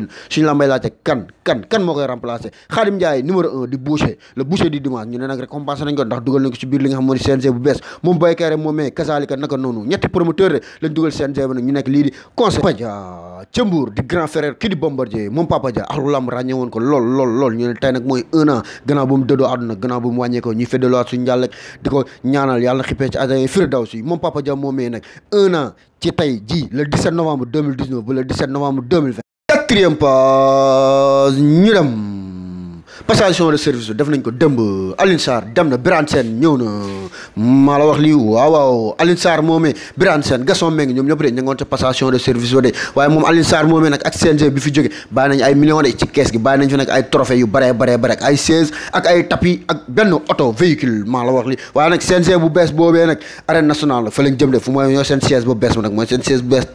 Pikine suñu laajte kan kan kan moo koy remplacer Khadim Ndiaye numéro un di boucher le boucher du dimanche ñu ne nag récompense nañ ndax dugal nañ ko ci biir xam moo di CNG moom béykay rek moomee kasaalika naka ñetti promoteur rek lañ dugal CNG bi nag ñu nekk lii di conseil Papa di grand frère kii di Bombardier moom Papa Dia axlu ah lamb ràññe woon ko lool lool lool ñu ne tey nag mooy un an gannaaw bu mu dëddoo àdduna gannaaw bu mu quatrième page ñu dem passation de service bi def nañ ko dëmb Alioune Sarr dem na Birane Sène ñëw na maa la wax lii waaw waaw Alioune Sarr moomee Birane Sène Gaston Mbengue ñoom ñëpp de ña ngoon ca passation de service ba de waaye moom Alioune Sarr moomee nag ak CNG bi fi jóge bàyyi nañ ay millions la wax lii waaye nag CNG bu bees boobee nag arène nationale la fa lañ jëm de fu mooy ñoo seen chaise bu bees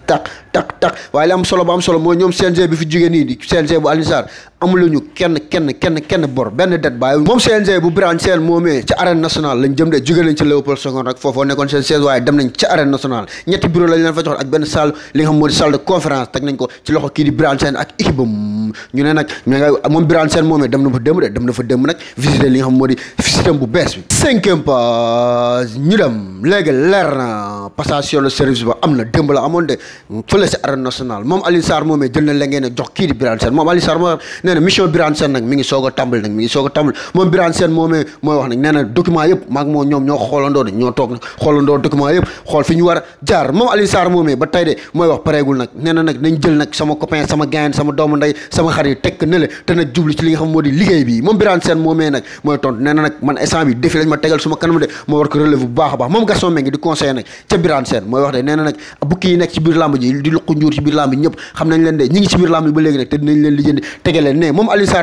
tak tak tak waaye li am solo ba am solo mooy ñoom CNG bi fi jóge nii di CNG bu Alioune Sarr amuluñu kenn kenn kenn kenn benn bor benn det bàyyi moom CNG bu Birane Sène moomee ci arène nationale lañ jëm de jóge nañ ci Léopold Senghor nag foofoo nekkoon seen siège waaye dem nañ ci arène nationale ñetti bureau lañ leen fa joxoon ak benn moom Birane Sène moomee dem na fa démb de di système bu moom Alioune Sarr moomee jël na la jox kii di Birane Sène moom Alioune Sarr moo nee mission Birane Sène nag mi ngi soog a tàmbali nag a moom Birane Sène moomee mooy wax nag nee nag document yëpp xool fi a moom Alioune Sarr moomee nag moom Birane Sène moomee nag a moom Gaston Mbengue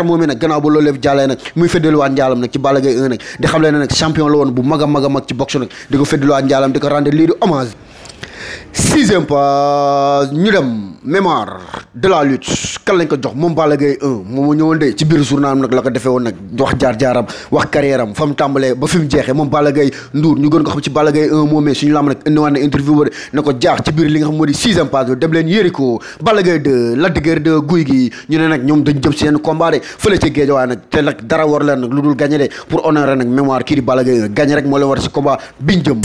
moomee nag gannaaw ba loolee Love Diallo nag muy féddaliwaat njaalam nag ci Balla Gaye 1 nag di xam leen nag champion la woon bu mag a mag ci boxe nag di ko féddaliwaat njaalam di ko rendre lii di hommage sixième pas ñu dem mémoire de la lutte kan lañ ko jox moom Balla Gaye 1 moom moo ñëwoon de ci biir journal am nag la ko defee wax jaar-jaaram wax carrière am mu tàmbalee ba fi mu moom Balla Gaye Ndour ñu gën ko xam ci Balla Gaye moomee suñu lam na interview ba de na ko jaax ci biir li nga xam moo dem leen yéeri ko Balla Gaye 2 Lac de Guiers 2 ñu ne nag ñoom dañ jëm si yenn combat de fële ci Guédiawaye nag te nag dara war leen nag lu dul gagné de pour honorer nag mémoire kii di Balla Gaye 1 rek moo leen war si combat biñ jëm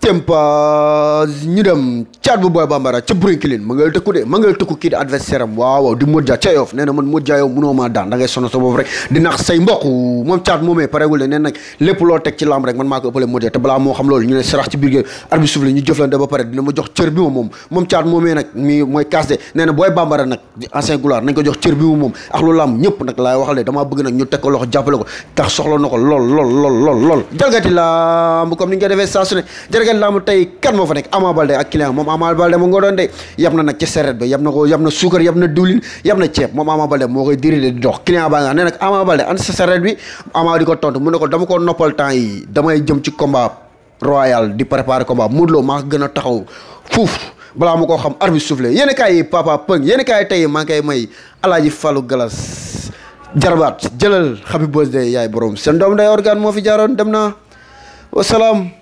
tempa ñu dem caat bu booy bambara ca Brooklyn ma ngay tëkku de ma ngay tëkku kii di adversaire am waaw waaw di Modja ca Yoff nee man Modja yow munoo maa daan da sono sa bopp rek di nax say mbokk moom caat moomee paregul de nee nag lépp loo teg ci lamb rek man maa ko ëppale moom caat moomee nag mooy kaas de nee na booy bambara nag ancien gloire nañ ko jox cër bi moom ak lu lamb ñëpp nag laay waxal de damaa bëgg nag ñu teg ko loxo tegal laamu tey kan moo fa nekk Ama Balde ak client moom Ama Balde mu nga doon de yab na nag ci seret ba yab na ko yab na suukar yab na diwlin yab na ceeb moom Ama Balde moo koy diri di dox client baa nga ne nag Ama Balde an sa seret bi Ama di ko tontu mu ne ko dama ko noppal temps yi damay jëm ci combat royal di préparer combat Modou Lo maa gën a taxaw fuuf balaa ma koo xam arbitre soufflé yéen a kaay papa pëng yéen a kaay tey maa ngi koy may alaaji Fallou Galas jarbaat jëlal happy birthday yaay borom seen doom day organe moo fi jaaroon dem na wasalaam